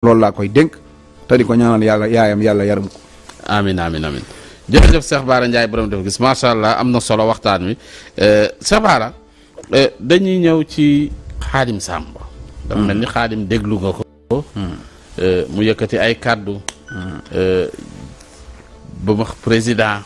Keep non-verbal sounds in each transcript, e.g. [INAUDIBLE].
loolu laa koy dénk te di ko ñaanal yàlla yaayam yàlla yaram ko. amin amin amin jërëjëf Cheikh Bara Ndiaye borom def gis macha allah am na solo waxtaan wi euh, Cheikh Bara euh, dañuy ñëw ci xaadim sàmb dafa mel ni xaadim déglu nga ko. Euh, mu yëkkati ay kàddu. ba président.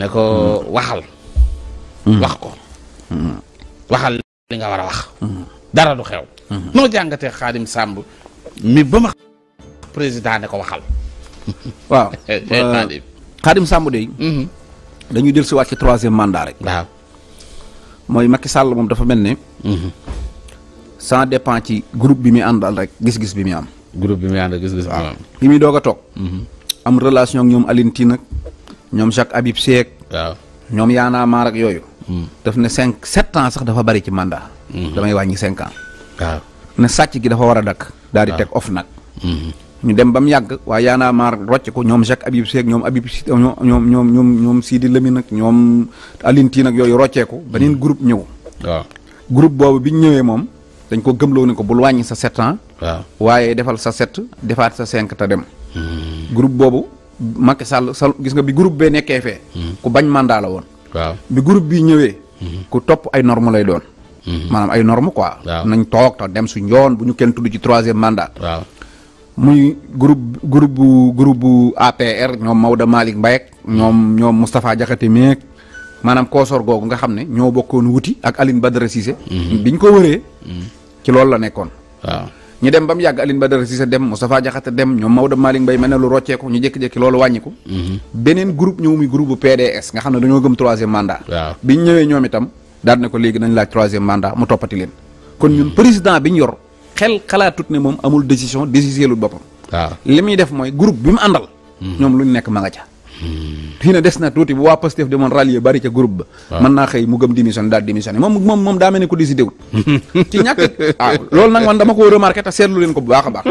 ne ko waxal. wax ko. waxal li nga war a wax. dara du xew. noo jàngatee xaadim Samb. mi ba ma [LAUGHS] président ne ko waxal [LAUGHS] waaw Xaadim [LAUGHS] euh, Samb de mm-hmm. dañuy dellu si waat ci troisième rek mooy Macky Sall moom dafa mel ne sans mm-hmm. dépend ci groupe bi muy àndal rek gis-gis bi muy am groupe bi muy àndal gis muy doog a toog mm-hmm. am relation ak ñoom alinti nag ñoom Jacques Habib Seck ñoom yaanaa maar ak yooyu mm. daf ne cinq sept ans sax dafa bari ci mandat damay wàññi cinq ans ne sàcc gi dafa war a dakk daal di ah. teg of nag mhm. ñu dem ba mu yàgg waaye yaanaa maar rocc ko ñoom Jacques Habib Seck ñoom Habib si ñoom ñoom ñoom ñoom ñoom Sidi Lamine nag ñoom Alinti nag yooyu rocceeku beneen mhm. groupe ñëw waaw groupe boobu bi ñu ñëwee moom dañ ko gëmloo ne ko bul wàññi sa sept waaye defal sa sept defaat sa cinq te dem mhm. groupe boobu Macky Sall sal gis nga bi groupe bee nekkee fee ku bañ mandat la woon waaw bi groupe bi ñëwee ku topp ay norme lay doon Mhm. maanaam ay normes quoi. nañ toog te dem suñ yoon bu ñu kenn tudd ci troisième mandat. muy groupe groupe bu groupe bu APR ñoom Maodo Malick Mbaye ñoom ñoom Moustapha Diakhaté meek maanaam koosor googu nga xam ne ñoo bokkoon wuti ak alin Aline Badara Cissé. Mhm. ñu ko wëree. Mhm. ci loolu la nekkoon. waaw ñu dem ba mu yàgg Aline Badara Cissé dem Moustapha Diakhaté dem ñoom Maodo Malick mbay mel lu rocceeku ñu jékki-jékki loolu wàññiku beneen groupe ñëw muy groupe bu PDS nga xam ne dañoo gëm troisième mandat. waaw biñ ñëwee ñoom itam. daal ne ko léegi nañ laaj troisième mandat mu toppati leen kon ñun président bi ñu yor xel xalaatut ne moom amul décision décisionul boppam. waaw li muy def mooy groupe bi mu àndal. Hmm. ñoom lu ñu nekk ma nga ca. fii hmm. ne des na tuuti bu waa Pastef moon rallier bari ca groupe ba. mën naa xëy mu gëm démission daal démissionné moom moom moom daa mel ne ko décidé wul. [LAUGHS] ci ñàkk ah loolu nag man dama ko a te seetlu leen ko bu baax a baax.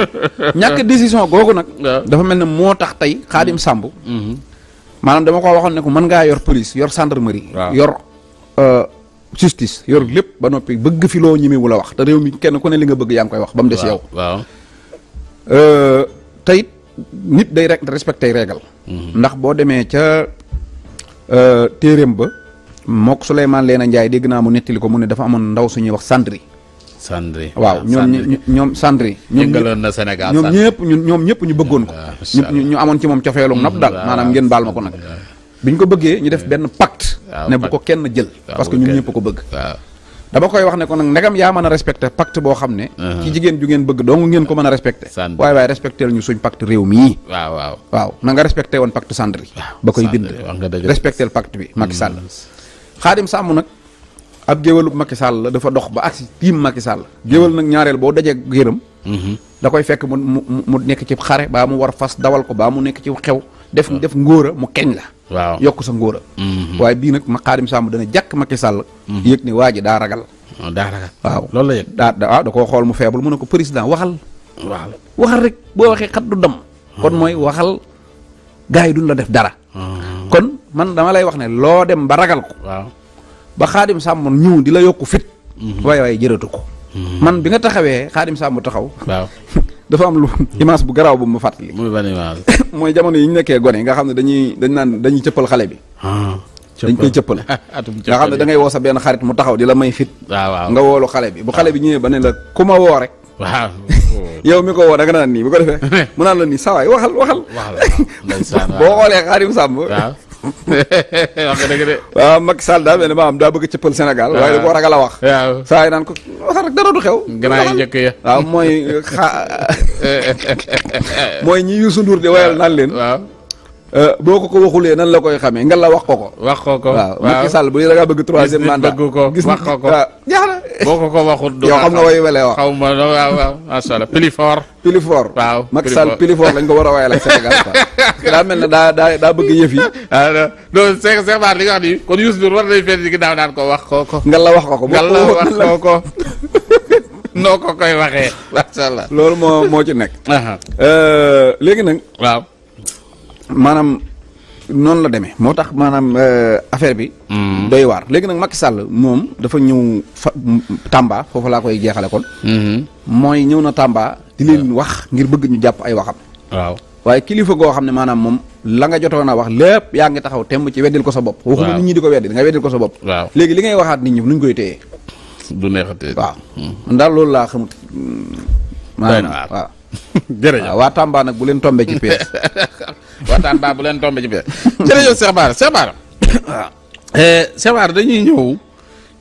ñàkk [LAUGHS] décision googu nag. dafa mel ne moo tax tey Xaadim hmm. Samb. maanaam dama ko waxoon ne ko mën ngaa yor police yor gendarmerie. yor. Euh, justice yor lépp ba noppi bëgg fi loo ñi mi wu la wax te réew mi kenn ku ne li nga bëgg yaa ngi koy wax ba mu des yow waaw euh, tey nit day rek respecté regal mhm. ndax boo demee ca euh, téeréem ba mook Souleymane Leena Ndiaye dégg naa mu nettali ko mu ne dafa amoon ndaw suñuy wax sandri sandri waaw ñoom ñoom sandri yëngaloon na Sénégal ñoom ñëpp ñu ñoom ñëpp ñu bëggoon ko ñu amoon ci moom cofeelu nap daal mm, maanaam ngeen baal ma ko nag biñ ko bëggee ñu def benn pacte ne bu ko kenn jël parce que ñun ñëpp ko bëgg dama koy wax ne ko nag ndegam yaa mën a respecté pacte boo xam ne uh-huh. ci jigéen ju ngeen bëgg dong ngeen ko mën a respecté waaye waaye respecté ñu suñ pacte réew mii waaw waaw nga respecté woon pacte Sandri ba koy bind respecté pacte bi Macky Sall mm. Xaadim Sàmm nag ab géwalub Macky sàll la dafa dox ba agsi tiim Macky Sall géwal nag ñaareel boo dajee géram mm-hmm. da koy fekk mu mu mu nekk ci xare baa mu war fas dawal ko baa mu nekk ci xew def def ngóora mu keñ la waaw yokk sa ngóora mhm. waaye bii nag ma xaadim sàmm dana jàkk Macky Sall mhm. yëg ne waa ji daa ragal oh, daa ragal waaw loolu la yëg ah, da koo xool mu feebul mu ne ko président waxal waaw waxal rek boo waxee xat du dam mhm. kon mooy waxal gars yi duñ la def dara kon man dama lay wax ne loo dem ba ragal ko waaw ba xaadim sàmm ñëw di la yokku fit waaye waaye jërëtu ko man bi nga taxawee xaadim sàmm taxaw [LAUGHS] dafa am lu image bu garaaw bu ma fàttali. muy [COUGHS] mooy jamono yi ñu nekkee gone nga xam ne dañuy dañ naan dañuy cëppal xale bi. Ah, dañ koy [LAUGHS] cëppal nga xam ne da ngay woo sa benn xarit mu taxaw di la may fit. Ah, waaw nga lu xale bi bu xale bi ñëwee ba ne la ku ma woo rek. waaw [LAUGHS] yow mi ko woo da nga naan nii bu ko defee [LAUGHS] mu naan la nii sawaay waxal waxal. boo xoolee xaarim sàmb. [LAUGHS] wax nga dëgg de. waaw Macky Sall daal benn maam daa bëgg a cëppal Sénégal. waaye da koo ragal wax. waaw saa yi naan ko waxal rek dara xew. gannaaw yi njëkk ya. waaw mooy xa [LAUGHS] mooy ñi Youssou Ndour di wayal naan leen. Euh, boo ko ko waxulee nan la koy xamee nga la wax ko ko. wax ko ko waaw Macky Sall bu dangaa bëgg troisième mandat bëgg ko na. boo ko ko waxut du yow xam nga way wele wax xaw ma waaw waaw macha lañ ko war a wayal ak Sénégal quoi. daa mel ne daa daa daa bëgg yëf yi. [LAUGHS] ah non non Cheikh wax nii kon Youssou Ndour war nañu fenn ci ginnaaw naan ko wax ko ko. la wax ko ko nga la wax ko ko. [LAUGHS] ko koy waxee macha allah. loolu moo moo ci nekk. Euh, léegi nag maanaam noonu la demee moo tax maanaam euh, affaire bi. Mm-hmm. doy waar léegi nag Macky Sall moom dafa ñëw fa foofu laa koy jeexale kon. Mm-hmm. mooy ñëw na Tamba di leen wax ngir bëgg ñu jàpp ay waxam. waaw waaye kilifa goo xam ne maanaam moom la nga jotoon a wax lépp yaa ngi taxaw temb ci weddil ko sa bopp. waxuma nit ñi di ko weddi nga weddil ko sa bopp. waaw léegi li ngay waxaat nit ñi nuñ koy téye. du neexatee waaw. Mm. ndax loolu laa xamut. doy na mm, [LAUGHS] waa Tamba nag bu leen tombee ci [LAUGHS] waxtaan baa bu leen tombé ci biir jërëjëf Cheikh Bara Cheikh Bara waaw [COUGHS] eh, Cheikh Bara dañuy ñëw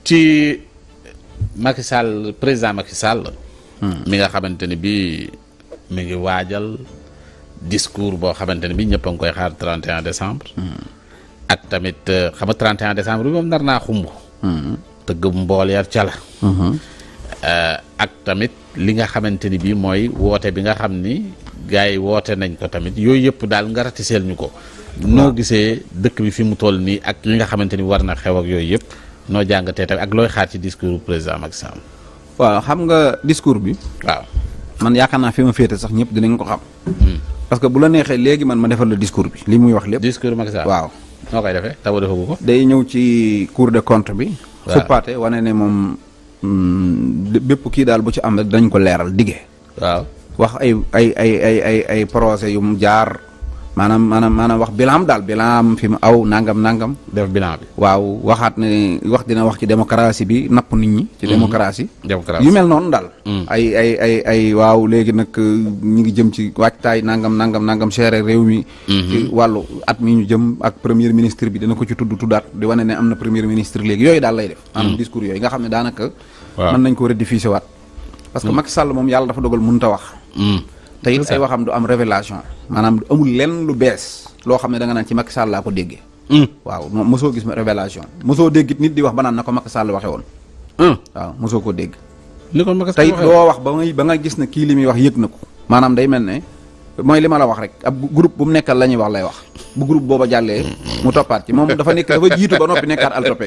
ci Macky Sall président Macky Sall mi nga xamante ni bii mi ngi waajal discours boo xamante ne bii ñëpp a ngi koy xaar 31 décembre. ak tamit euh, xam nga 31 décembre bi moom nar naa xumb. tëgg mbool yar ca la. Mm-hmm. Euh, ak tamit li nga xamante ni bii mooy woote bi nga xam ni gars yi woote nañ ko tamit yooyu yëpp daal nga ratiseel ñu ko noo gisee dëkk bi fi mu toll nii ak li nga xamante ni war na xew ak yooyu yëpp noo jàngatee tamit ak looy xaar ci discours président Macky Sall waaw xam nga discours bi waaw man yaakaar naa fi ma féete sax ñëpp dinañ ko xam hmm. parce que bu la neexee léegi man ma defal la discours bi li muy wax lépp discours Macky Sall waaw noo koy defee taw defagu ko day ñëw ci cour de contre bi suppaate wane ne moom hmm, bépp kii daal bu ci am rek dañ ko leeral dige wax ay ay ay ay ay ay projet yu mu jaar maanaam maanaam maanaam wax bilan daal bilan am fi mu aw nangam nangam. def bilan waaw waxaat ne wax dina wax ci démocratie bi napp nit ñi. ci mhm. démocratie. démocratie yu mel noonu daal. Mhm. ay ay ay ay waaw léegi nag euh, ñu ngi jëm ci waajtaay nangam nangam nangam seere réew mi. Mhm. ci wàllu at mi ñu jëm ak premier ministre bi dana ko ci tudd tuddaat di wane ne am na première ministre léegi yooyu daal lay def. maanaam discours yooyu nga xam ne daanaka. waaw mën nañ koo waat. parce que Macky yàlla dafa dogal mënut wax. Mm. te it ay waxam du am révélation maanaam amul lenn lu bees loo xam ne da naan ci Macky Sall laa ko déggee. Mm. waaw moom mosoo gis révélation mosoo dégg it nit di wax ba naan na ko Macky Sall waxee woon. Mm. waaw mosoo ko dégg. ni ko Macky Sall waxee woon loo wax ba ngay ba nga gis ne kii li muy wax yëg na ko. maanaam day mel ne mooy li ma la wax rek ab groupe bu mu nekkal la ñuy wax lay wax bu groupe booba jàllee mu toppaat ci moom dafa nekk dafa jiitu ba noppi nekkaat al toppe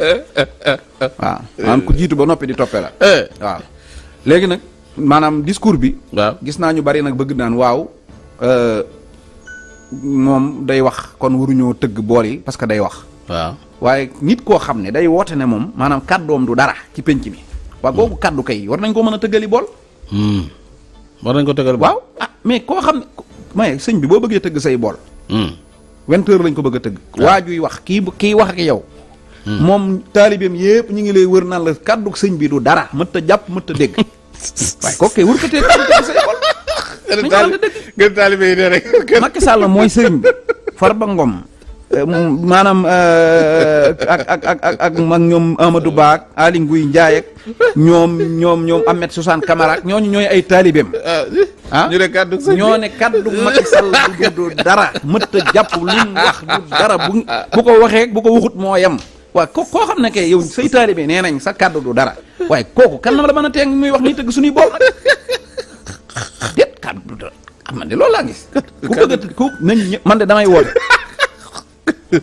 [LAUGHS] waaw maanaam ku ba noppi di toppe la eh. waaw nag. maanaam discours bi. waaw gis naa ñu bari nag bëgg naan waaw euh, moom day wax kon waruñoo tëgg bool yi parce que day wax. waaw waaye nit koo xam ne day woote ne moom maanaam kàddoom du dara ci pénc mi. waa kooku hmm. kàddu kay war nañ koo mën a tëggali bool. Hmm. war nañ ko tëggal bool waaw ah mais koo xam ne may sëñ bi boo bëggee tëgg say bool. Hmm. vingt heures lañ ko bëgg a tëgg. waa juy wax kii kii wax ak yow. moom taalibeem yépp ñu ngi lay wër naan la kàddu sëñ bi du dara mënut jàpp mënut a dégg. [LAUGHS] waaye ko kay wërkatee wërkatee sa école. nañu xam ne taalibe yi ne rek. mooy sëriñ bi Farba Ngom. Eh, maanaam eh, ak ak ak ak ak ñoom Amadou Ba ak Ali Nguy Ndiaye ak ñoom ñoom ñoom Ahmed Suzanne Camara ak ñooñu ñooy ay taalibeem. Ah, ah? ñu ne kaddu ñoo ne kaddu Macky Sall du dara. mëtt jàpp lu mu du dara bu ko waxee bu ko waxut moo yem. waaw ko koo xam ne kay yow say taalibe nee nañ sa kaddu du dara. waaye kooku kan la mën a teg muy wax nii tëgg suñuy bool déet kan ah man de loolu laa gis. ku bëgg a ku nañ man de damay woote.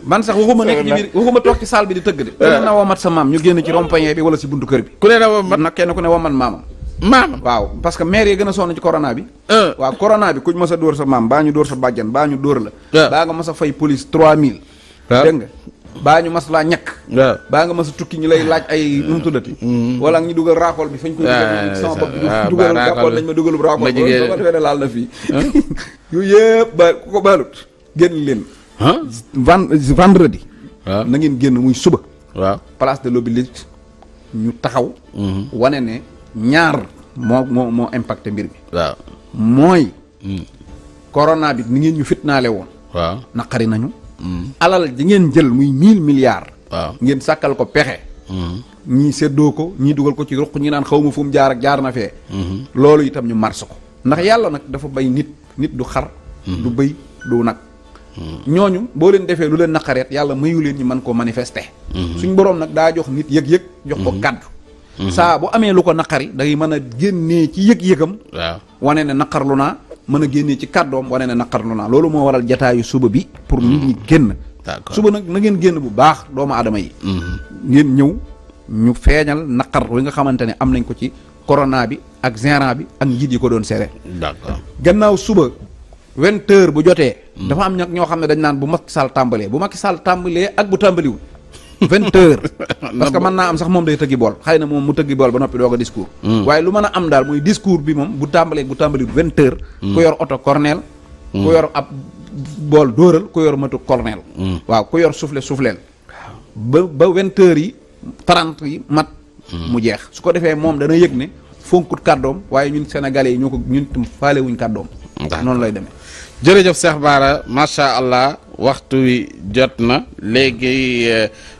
man sax waxuma nekk ci biir waxuma toog ci salle bi di tëgg de. waaw ne na womat sa maam ñu génn ci rompagne bi wala si buntu kër bi. ku ne na womat nag kenn ku ne womat maamam. maam waaw parce que maire yi gën a sonn ci corona bi. Euh. waaw corona bi kuñ mës a dóor sa maam baa ñu dóor sa bàjjan baa ñu dóor la. Euh. baa nga mës a fay police 3000. waaw dégg nga. baa ñu mas laa ñàkk waaw baa nga mas a tukki ñu lay laaj ay nu mu tuddati mm-hmm. wala ñu dugal raakool bi fañ ko ah, sama bopp ah, dugal raakool nañ ma dugalub raakool ba defee ne laal na fii ah. [LAUGHS] yooyu yëpp ba ku ko baalut génn leen ven vendredi waaw na ngeen génn muy suba waaw place de l'Obélisque ñu taxaw mm-hmm. wane ne ñaar moo moo moo impacté mbir mi waaw mooy mm. corona bi ni ngeen ñu fitnaale woon naqari nañu alal ji ngeen jël muy mille milliards. ngeen sàkkal ko pexe. Hmm. ñii séddoo ko ñi dugal ko ci ruq ñi naan xaw ma fu jaar ak jaar na fee. Hmm. loolu itam ñu mars ko ndax yàlla nag dafa bay nit nit du xar. Hmm. du bëy du nag. ñooñu boo leen defee lu leen naqareet yàlla mayu leen ñi mën koo manifester. suñ borom nag daa jox nit yëg-yëg. jox ko kàddu. saa bu amee lu ko naqari dangay mën a génnee ci yëg-yëgam. waaw wane ne naqarlu naa. mën a génnee ci kàddoom wane ne naqarlu naa loolu moo waral jataayu suba bi pour nit ñi génn suba nag na ngeen génn bu baax doomu aadama yi mm-hmm. ngeen ñëw ñu feeñal naqar wi nga xamante ne am nañ ko ci corona bi ak gérant bi ak njiit yi ko doon sere d'accord gannaaw suba vingt heures bu jotee mm-hmm. dafa am ñag ñoo xam ne dañ naan bu Macky Sall tàmbalee bu Macky Sall tàmbalee ak bu tàmbaliwul vingt heures [LAUGHS] parce que mën naa am sax moom day tëggi bool xëy na moom mu tëggi bool ba noppi doog a discours hmm. waaye lu mën a am daal mooy discours bi moom bu tàmbalee bu tàmbali vingt heures hmm. ku yor oto cornel hmm. ku yor ab bool dóoral ku yor matu cornel waaw ku yor souffle souffleel ba ba vingt yi trente yi mat mu jeex su ko defee moom dana yëg ne fonkut kàddoom waaye ñun sénégalais yi ñoo ko ñun faale wuñ kàddoom noonu lay demee jërëjëf Cheikh Bara macha allah waxtu wi jot na léegi euh,